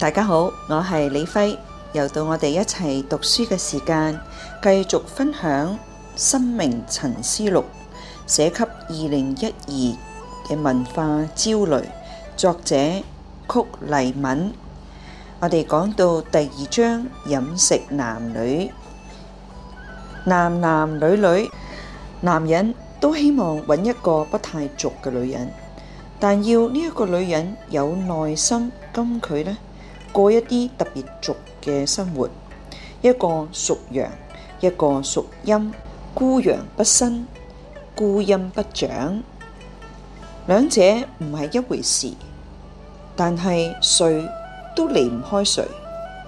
大家好，我係李輝，又到我哋一齊讀書嘅時間，繼續分享《生命沉思錄》寫給二零一二嘅文化焦慮。作者曲黎敏，我哋講到第二章飲食男女，男男女女，男人都希望揾一個不太俗嘅女人，但要呢一個女人有耐心跟佢呢。過一啲特別俗嘅生活，一個屬陽，一個屬陰，孤陽不生，孤陰不長，兩者唔係一回事，但係誰都離唔開誰，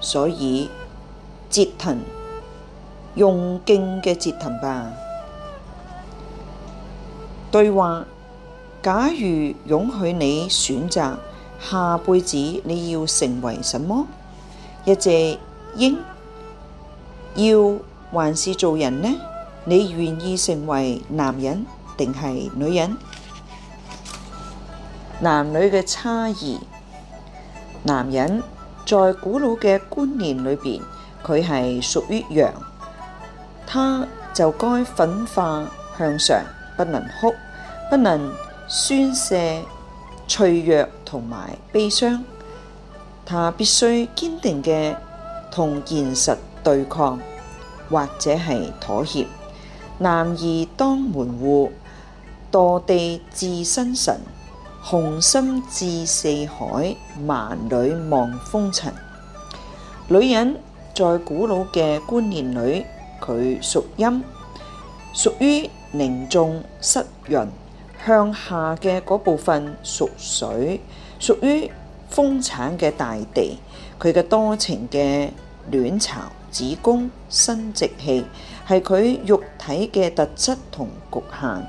所以折騰，用勁嘅折騰吧。對話，假如容許你選擇。下輩子你要成為什麼？一隻鷹，要還是做人呢？你願意成為男人定係女人？男女嘅差異，男人在古老嘅觀念裏邊，佢係屬於陽，他就該奮發向上，不能哭，不能宣泄。脆弱同埋悲傷，他必須堅定嘅同現實對抗，或者係妥協。男兒當門戶，墮地自生神，雄心志四海，萬里望風塵。女人在古老嘅觀念裏，佢屬陰，屬於凝重失潤。向下嘅嗰部分屬水，屬於豐產嘅大地。佢嘅多情嘅卵巢、子宮、生殖器係佢肉體嘅特質同局限，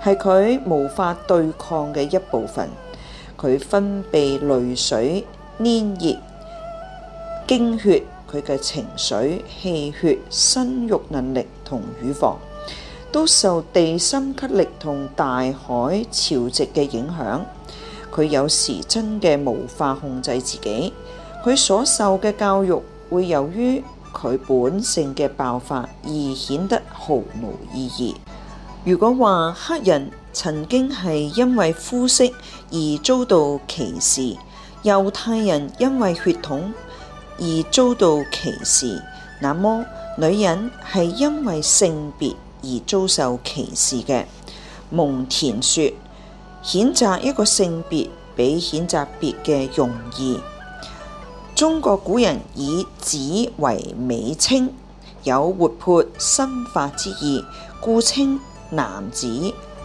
係佢無法對抗嘅一部分。佢分泌淚水、粘液、經血，佢嘅情緒、氣血、生育能力同乳房，都受地心吸力同大海潮汐嘅影響，佢有時真嘅無法控制自己。佢所受嘅教育會由於佢本性嘅爆發而顯得毫無意義。如果話黑人曾經係因為膚色而遭到歧視，猶太人因為血統而遭到歧視，那麼女人係因為性別。而遭受歧視嘅。蒙田說，譴責一個性別比譴責別嘅容易。中國古人以子為美稱，有活潑生發之意，故稱男子、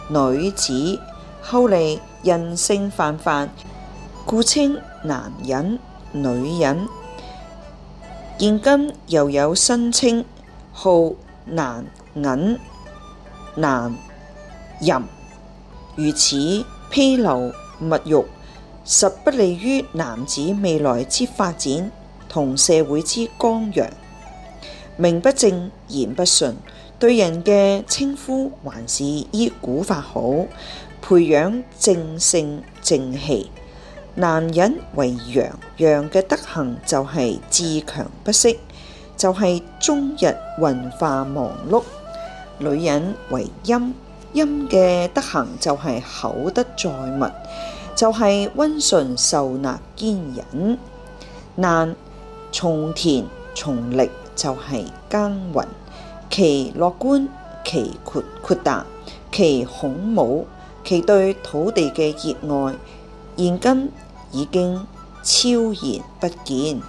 女子。後嚟人性泛泛，故稱男人、女人。現今又有新稱號。難忍難淫如此披露物欲，實不利於男子未來之發展同社會之光陽。名不正言不順，對人嘅稱呼還是依古法好。培養正性正氣，男人為陽，陽嘅德行就係自強不息。就係終日運化忙碌，女人為陰，陰嘅德行就係厚德載物，就係、是、温順受納堅忍，難從田從力就係耕耘，其樂觀，其闊豁達，其孔武，其對土地嘅熱愛，現今已經悄然不見。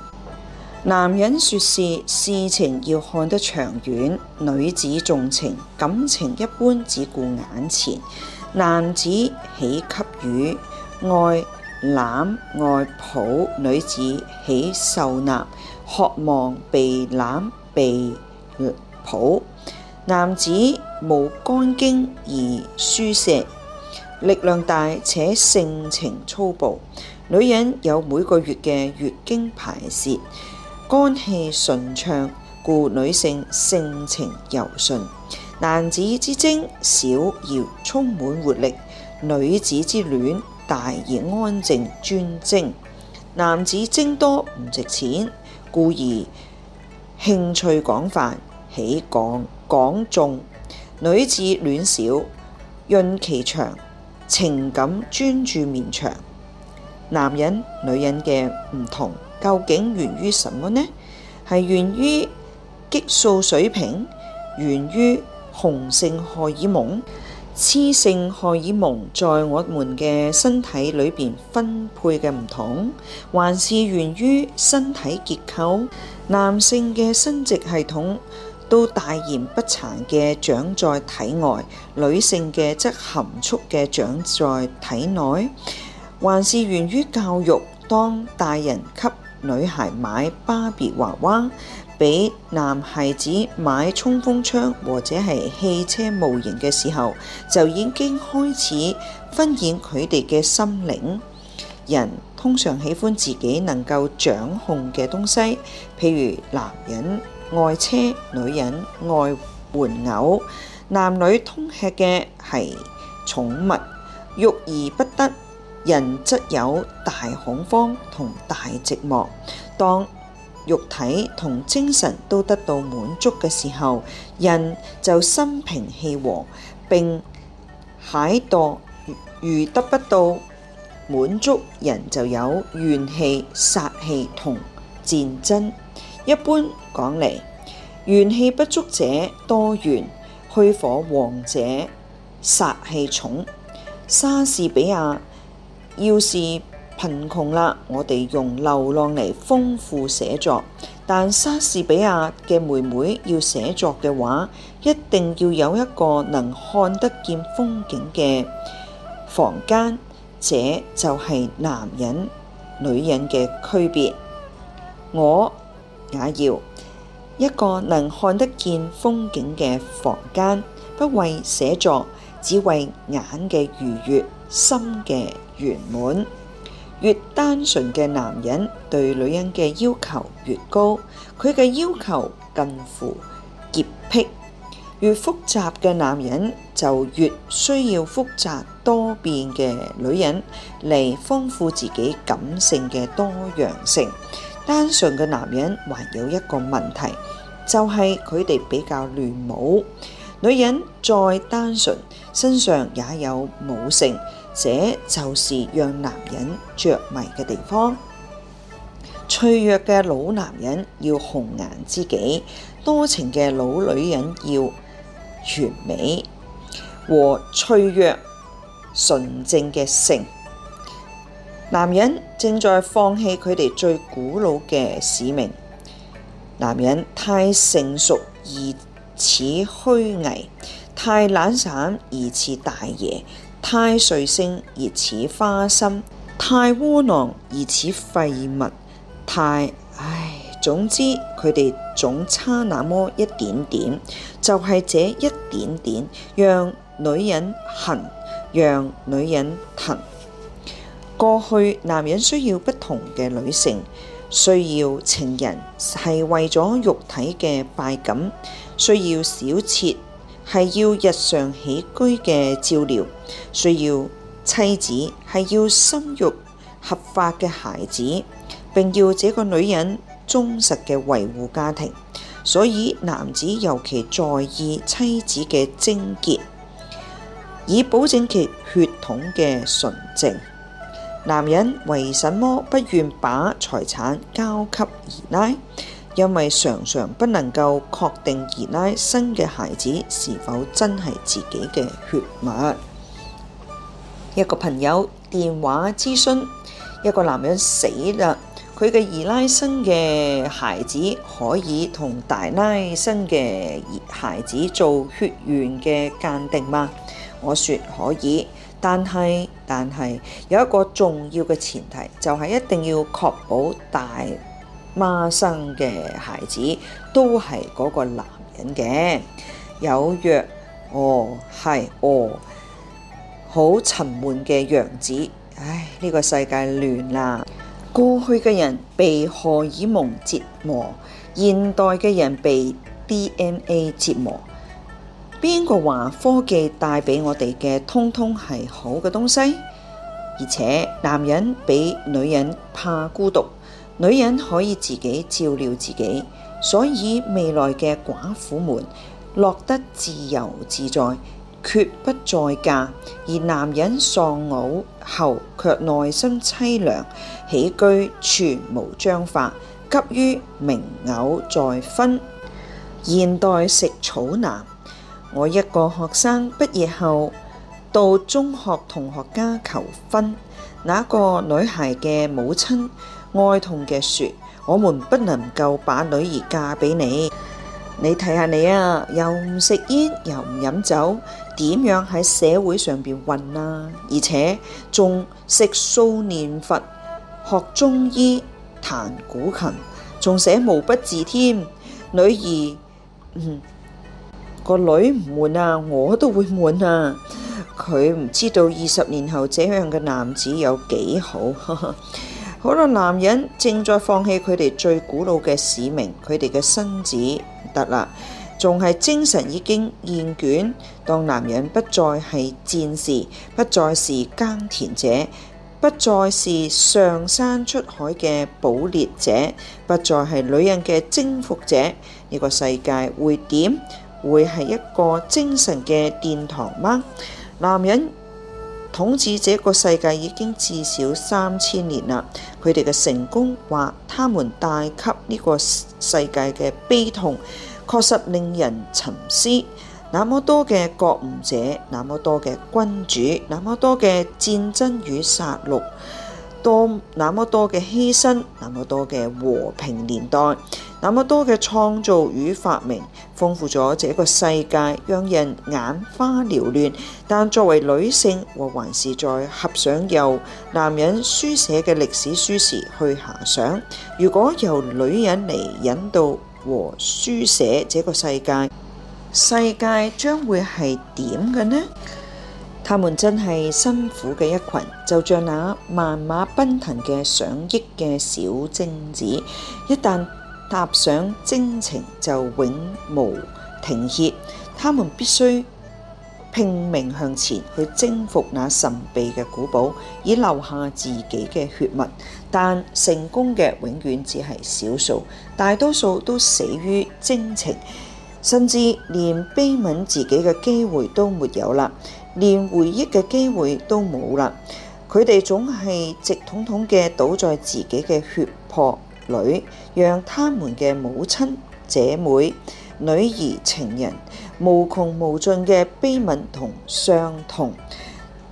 男人說事，事情要看得長遠；女子重情，感情一般只顧眼前。男子喜給予，愛攬愛抱；女子喜受納，渴望被攬被抱。男子無肝經而疏泄，力量大且性情粗暴；女人有每個月嘅月經排泄。肝氣順暢，故女性性情柔順；男子之精小而充滿活力，女子之卵大而安靜專精。男子精多唔值錢，故而興趣廣泛，喜廣廣眾；女子卵少，孕期長，情感專注綿長。男人、女人嘅唔同，究竟源於什麼呢？係源於激素水平，源於雄性荷爾蒙、雌性荷爾蒙在我們嘅身體裏邊分配嘅唔同，還是源於身體結構？男性嘅生殖系統都大言不慚嘅長在體外，女性嘅則含蓄嘅長在體內，還是源於教育？當大人給女孩買芭比娃娃，俾男孩子買衝鋒槍或者係汽車模型嘅時候，就已經開始分演佢哋嘅心靈。人通常喜歡自己能夠掌控嘅東西，譬如男人愛車，女人愛玩偶，男女通吃嘅係寵物，欲而不得。人則有大恐慌同大寂寞。當肉體同精神都得到滿足嘅時候，人就心平氣和。並蟹惰如得不到滿足，人就有怨氣、殺氣同戰爭。一般講嚟，怨氣不足者多元，虛火旺者殺氣重。莎士比亞。要是貧窮啦，我哋用流浪嚟豐富寫作。但莎士比亞嘅妹妹要寫作嘅話，一定要有一個能看得見風景嘅房間。這就係男人女人嘅區別。我也要一個能看得見風景嘅房間，不為寫作，只為眼嘅愉悅，心嘅。圓滿。越單純嘅男人對女人嘅要求越高，佢嘅要求近乎潔癖。越複雜嘅男人就越需要複雜多變嘅女人嚟豐富自己感性嘅多樣性。單純嘅男人還有一個問題，就係佢哋比較亂毛。女人再單純，身上也有母性，這就是讓男人着迷嘅地方。脆弱嘅老男人要紅顏知己，多情嘅老女人要完美，和脆弱、純正嘅性。男人正在放棄佢哋最古老嘅使命。男人太成熟而。似虛偽，太懶散而似大爺；太隨性而似花心；太窩囊，而似廢物。太唉，總之佢哋總差那麼一點點，就係、是、這一點點讓，讓女人恨，讓女人疼。過去男人需要不同嘅女性，需要情人，係為咗肉體嘅快感。需要小妾，係要日常起居嘅照料；需要妻子，係要生育合法嘅孩子，並要這個女人忠實嘅維護家庭。所以男子尤其在意妻子嘅貞潔，以保證其血統嘅純正。男人為什麼不願把財產交給姨奶？因為常常不能夠確定二奶生嘅孩子是否真係自己嘅血脈。一個朋友電話諮詢：一個男人死啦，佢嘅二奶生嘅孩子可以同大奶生嘅孩子做血緣嘅鑑定嗎？我說可以，但係但係有一個重要嘅前提，就係一定要確保大。孖生嘅孩子都係嗰個男人嘅，有約哦，係哦，好沉悶嘅樣子。唉，呢個世界亂啦。過去嘅人被荷爾蒙折磨，現代嘅人被 DNA 折磨。邊個話科技帶俾我哋嘅通通係好嘅東西？而且男人比女人怕孤獨。女人可以自己照料自己，所以未來嘅寡婦們樂得自由自在，決不再嫁；而男人喪偶後卻內心淒涼，起居全無章法，急於明偶再婚。現代食草男，我一個學生畢業後到中學同學家求婚，那個女孩嘅母親，哀痛嘅說，我們不能夠把女兒嫁俾你。你睇下你啊，又唔食煙，又唔飲酒，點樣喺社會上邊混啊？而且仲食素、念佛、學中醫、彈古琴，仲寫毛筆字添。女兒，嗯、個女唔悶啊，我都會悶啊。佢唔知道二十年後這樣嘅男子有幾好。呵呵好多男人正在放棄佢哋最古老嘅使命，佢哋嘅身子唔得啦，仲係精神已經厭倦。當男人不再係戰士，不再是耕田者，不再是上山出海嘅捕獵者，不再係女人嘅征服者，呢個世界會點？會係一個精神嘅殿堂嗎？男人統治這個世界已經至少三千年啦，佢哋嘅成功或他們帶給呢個世界嘅悲痛，確實令人沉思。那麼多嘅國王者，那麼多嘅君主，那麼多嘅戰爭與殺戮。多那麼多嘅犧牲，那麼多嘅和平年代，那麼多嘅創造與發明，豐富咗這個世界，讓人眼花繚亂。但作為女性，我還是在合上由男人書寫嘅歷史書時去遐想：如果由女人嚟引導和書寫這個世界，世界將會係點嘅呢？他們真係辛苦嘅一群，就像那萬馬奔騰嘅上億嘅小精子，一旦踏上征程就永無停歇。他們必須拼命向前去征服那神秘嘅古堡，以留下自己嘅血脈。但成功嘅永遠只係少數，大多數都死於征程，甚至連悲憫自己嘅機會都沒有啦。連回憶嘅機會都冇啦，佢哋總係直統統嘅倒在自己嘅血泊裡，讓他們嘅母親、姐妹、女兒、情人無窮無盡嘅悲憫同傷痛，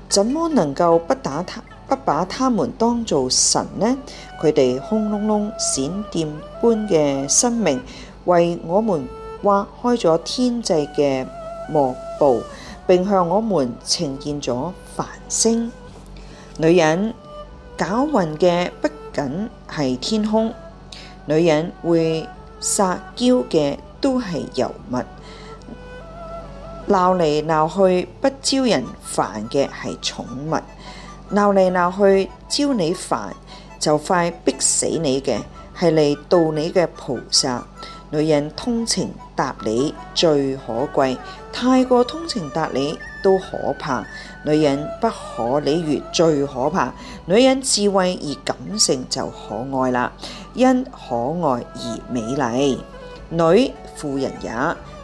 怎麼能夠不打他，不把他們當做神呢？佢哋轟隆隆閃電般嘅生命，為我們挖開咗天際嘅幕布。並向我們呈現咗繁星。女人攪混嘅不僅係天空，女人會撒嬌嘅都係尤物，鬧嚟鬧去不招人煩嘅係寵物，鬧嚟鬧去招你煩就快逼死你嘅係嚟度你嘅菩薩。女人通情達理最可貴。太過通情達理都可怕，女人不可理喻最可怕。女人智慧而感性就可愛啦，因可愛而美麗。女婦人也，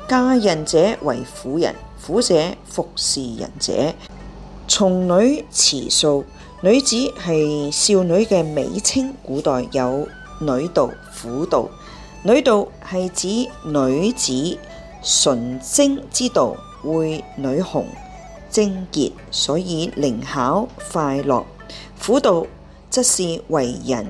嫁人者為婦人，婦者服侍人者。從女，雌素。女子係少女嘅美稱，古代有女道、婦道。女道係指女子。純貞之道會女紅，貞潔，所以靈巧快樂。苦道則是為人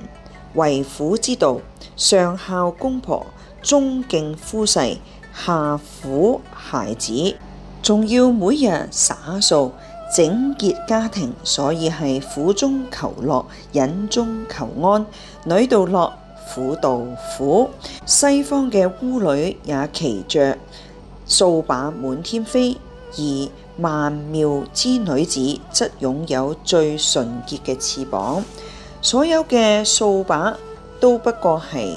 為婦之道，上孝公婆，中敬夫婿，下苦孩子，仲要每日灑掃整潔家庭，所以係苦中求樂，忍中求安。女道樂，苦道苦。西方嘅巫女也騎着。掃把滿天飛，而曼妙之女子則擁有最純潔嘅翅膀。所有嘅掃把都不過係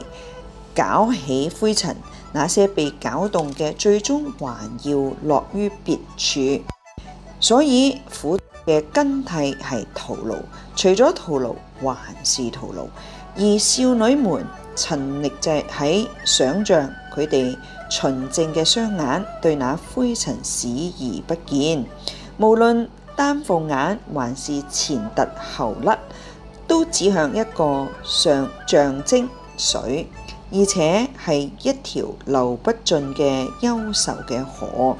攪起灰塵，那些被攪動嘅最終還要落於別處。所以苦嘅根蒂係徒勞，除咗徒勞還是徒勞。而少女們陳力就喺想象，佢哋。純淨嘅雙眼對那灰塵視而不見，無論單鳳眼還是前凸後凹，都指向一個上象徵水，而且係一條流不盡嘅優秀嘅河。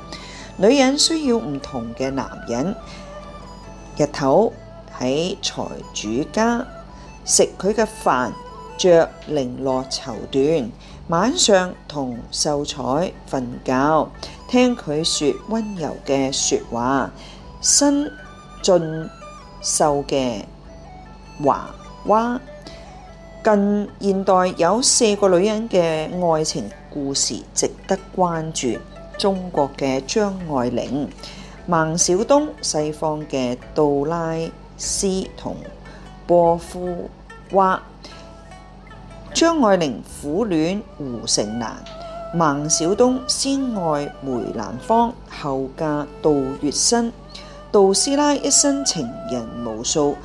女人需要唔同嘅男人，日頭喺財主家食佢嘅飯，着綾羅綢緞。晚上同秀才瞓覺，聽佢說溫柔嘅説話，身俊秀嘅娃娃。近現代有四個女人嘅愛情故事值得關注：中國嘅張愛玲、孟小冬，西方嘅杜拉斯同波夫娃。張愛玲苦戀胡蘭成，孟小冬先愛梅蘭芳，後嫁杜月笙。杜師奶一生情人無數，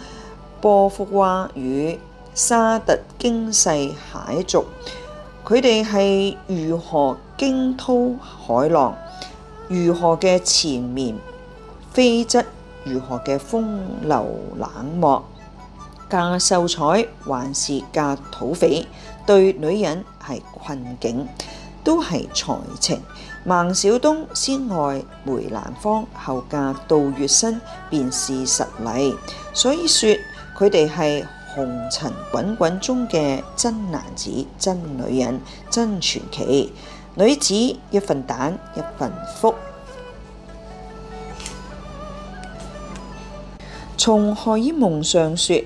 波伏娃與沙特驚世駭俗。佢哋係如何驚濤駭浪？如何嘅纏綿悱惻？如何嘅風流冷漠？嫁秀才還是嫁土匪，對女人係困境，都係才情。孟小冬先愛梅蘭芳，後嫁杜月笙，便是實例。所以說佢哋係紅塵滾滾中嘅真男子、真女人、真傳奇。女子一份蛋，一份福。從荷爾蒙上說。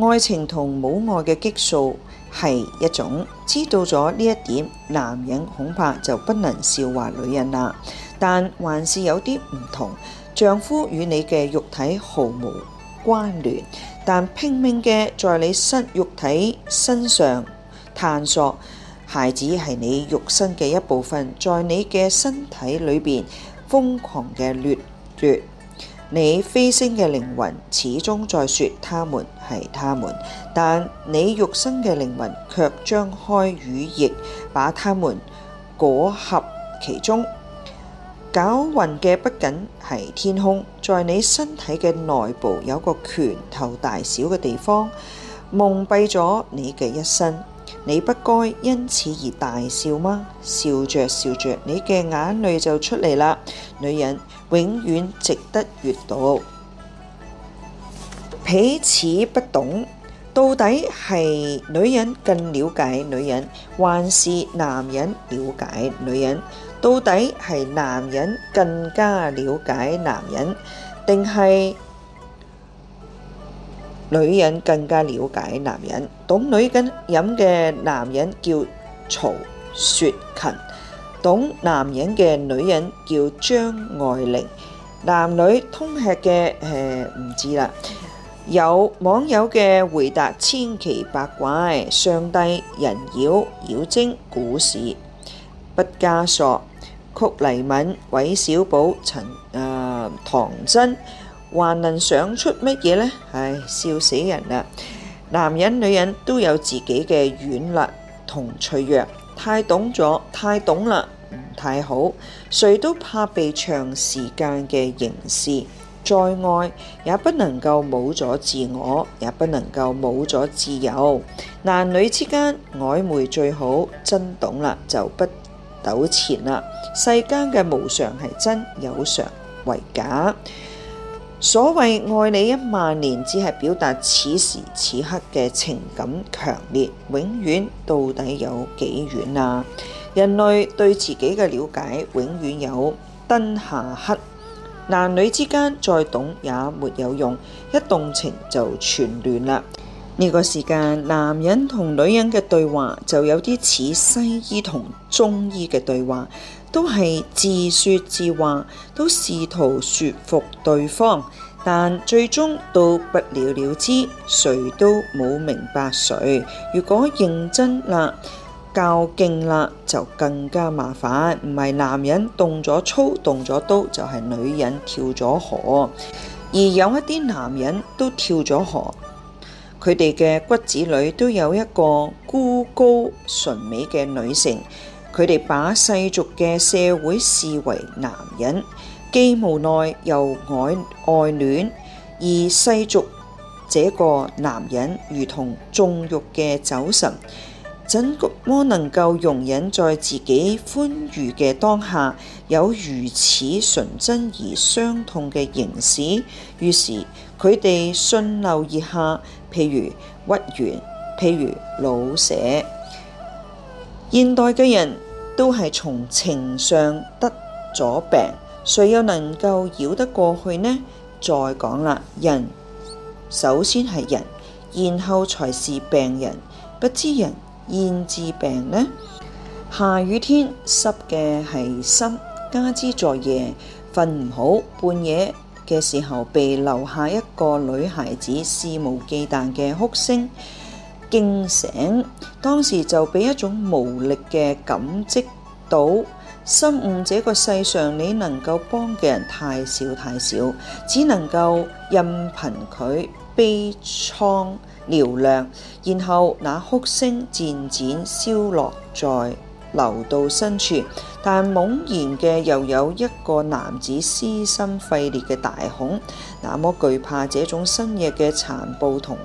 愛情同母愛嘅激素係一種，知道咗呢一點，男人恐怕就不能笑話女人啦。但還是有啲唔同，丈夫與你嘅肉體毫無關聯，但拼命嘅在你身肉體身上探索。孩子係你肉身嘅一部分，在你嘅身體裏面瘋狂嘅掠奪。你飛升嘅靈魂始終在說，他們係他們，但你肉身嘅靈魂卻張開羽翼，把他們裹挾其中。攪勻嘅不僅係天空，在你身體嘅內部有個拳頭大小嘅地方，蒙蔽咗你嘅一生。你不該因此而大笑嗎？笑着笑着，你嘅眼淚就出嚟啦，女人。永遠值得閱讀，彼此不懂，到底係女人更了解女人，還是男人了解女人？到底係男人更加了解男人，定係女人更加了解男人？懂女人嘅男人叫曹雪芹。懂男人嘅女人叫張愛玲，男女通吃嘅，誒，唔知啦。有網友嘅回答千奇百怪，上帝、人妖、妖精、故事，畢加索、曲黎敏、韋小寶、陳啊、呃、唐僧，還能想出乜嘢呢？唉，笑死人啦！男人女人都有自己嘅軟肋同脆弱。太懂咗，太懂啦，唔太好。誰都怕被長時間嘅凝視。再愛也不能夠冇咗自我，也不能夠冇咗自由。男女之間曖昧最好，真懂啦就不糾纏啦。世間嘅無常係真，有常為假。所謂愛你一萬年，只係表達此時此刻嘅情感強烈。永遠到底有幾遠啊？人類對自己嘅了解永遠有燈下黑。男女之間再懂也沒有用，一動情就全亂啦。呢個時間，男人同女人嘅對話就有啲似西醫同中醫嘅對話。都係自說自話，都試圖說服對方，但最終都不了了之，誰都冇明白誰。如果認真啦，較勁啦，就更加麻煩。唔係男人動咗粗，動咗刀，就係女人跳咗河。而有一啲男人都跳咗河，佢哋嘅骨子裏都有一個孤高純美嘅女性。佢哋把世俗嘅社會視為男人，既無奈又愛愛戀，而世俗這個男人如同縱欲嘅酒神，怎怎麼能夠容忍在自己歡愉嘅當下有如此純真而傷痛嘅凝視？於是佢哋順流而下，譬如屈原，譬如老舍。現代嘅人都係從情上得咗病，誰又能夠繞得過去呢？再講啦，人首先係人，然後才是病人，不知人焉治病呢？下雨天濕嘅係心，加之在夜瞓唔好，半夜嘅時候被留下一個女孩子肆無忌憚嘅哭聲。驚醒，當時就俾一種無力嘅感觸到，深悟這個世上你能夠幫嘅人太少太少，只能夠任憑佢悲愴嘹亮，然後那哭聲漸漸消落在樓道深處，但猛然嘅又有一個男子撕心肺裂嘅大恐，那麼懼怕這種深夜嘅殘暴同。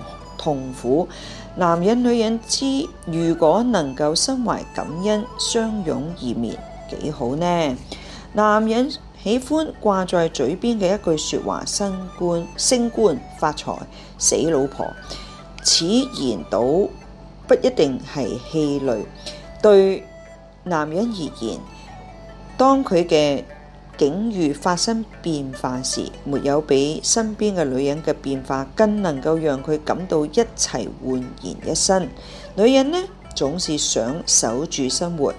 痛苦，男人女人知，如果能夠身懷感恩，相擁而眠，幾好呢？男人喜歡掛在嘴邊嘅一句說話：升官、升官發財，死老婆。此言倒不一定係氣餒。對男人而言，當佢嘅。境遇發生變化時，沒有比身邊嘅女人嘅變化更能夠讓佢感到一齊煥然一新。女人呢，總是想守住生活，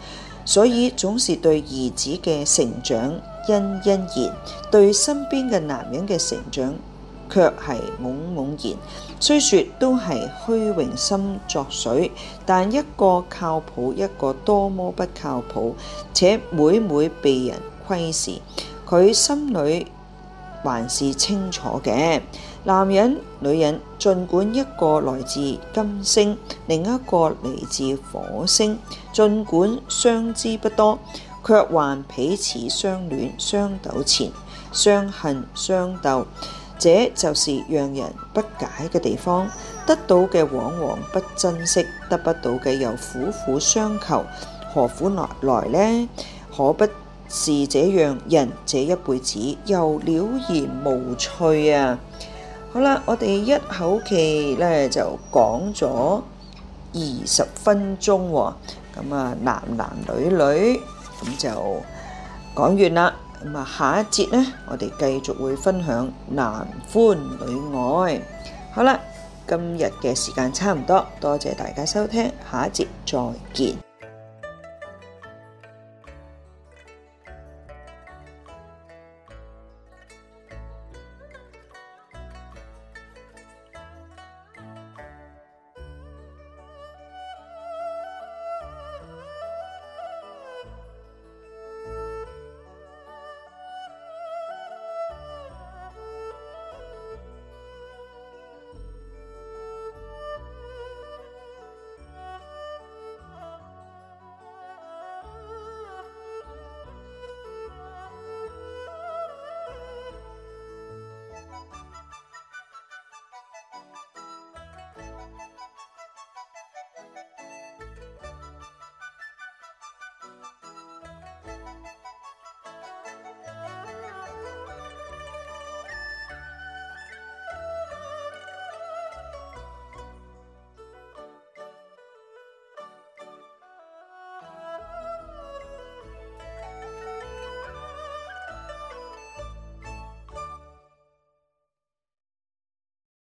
所以總是對兒子嘅成長欣欣然，對身邊嘅男人嘅成長卻係懵懵然。雖說都係虛榮心作祟，但一個靠譜，一個多麼不靠譜，且每每被人。虧事，佢心裏還是清楚嘅。男人、女人，儘管一個來自金星，另一個嚟自火星，儘管相知不多，卻還彼此相戀、相鬥、相纏、相恨、相鬥，這就是讓人不解嘅地方。得到嘅往往不珍惜，得不到嘅又苦苦相求，何苦來來呢？可不？是這樣，人這一輩子又了然無趣啊！好啦，我哋一口氣咧就講咗二十分鐘，咁啊男男女女咁就講完啦。咁啊下一節呢，我哋繼續會分享男歡女愛。好啦，今日嘅時間差唔多，多謝大家收聽，下一節再見。